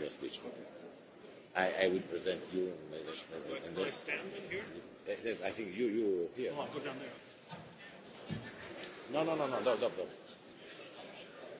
for your speech. I, I will present you management. And then, stand here? I think you, you here. No, I go down there. No, no, no, no, no, no, no.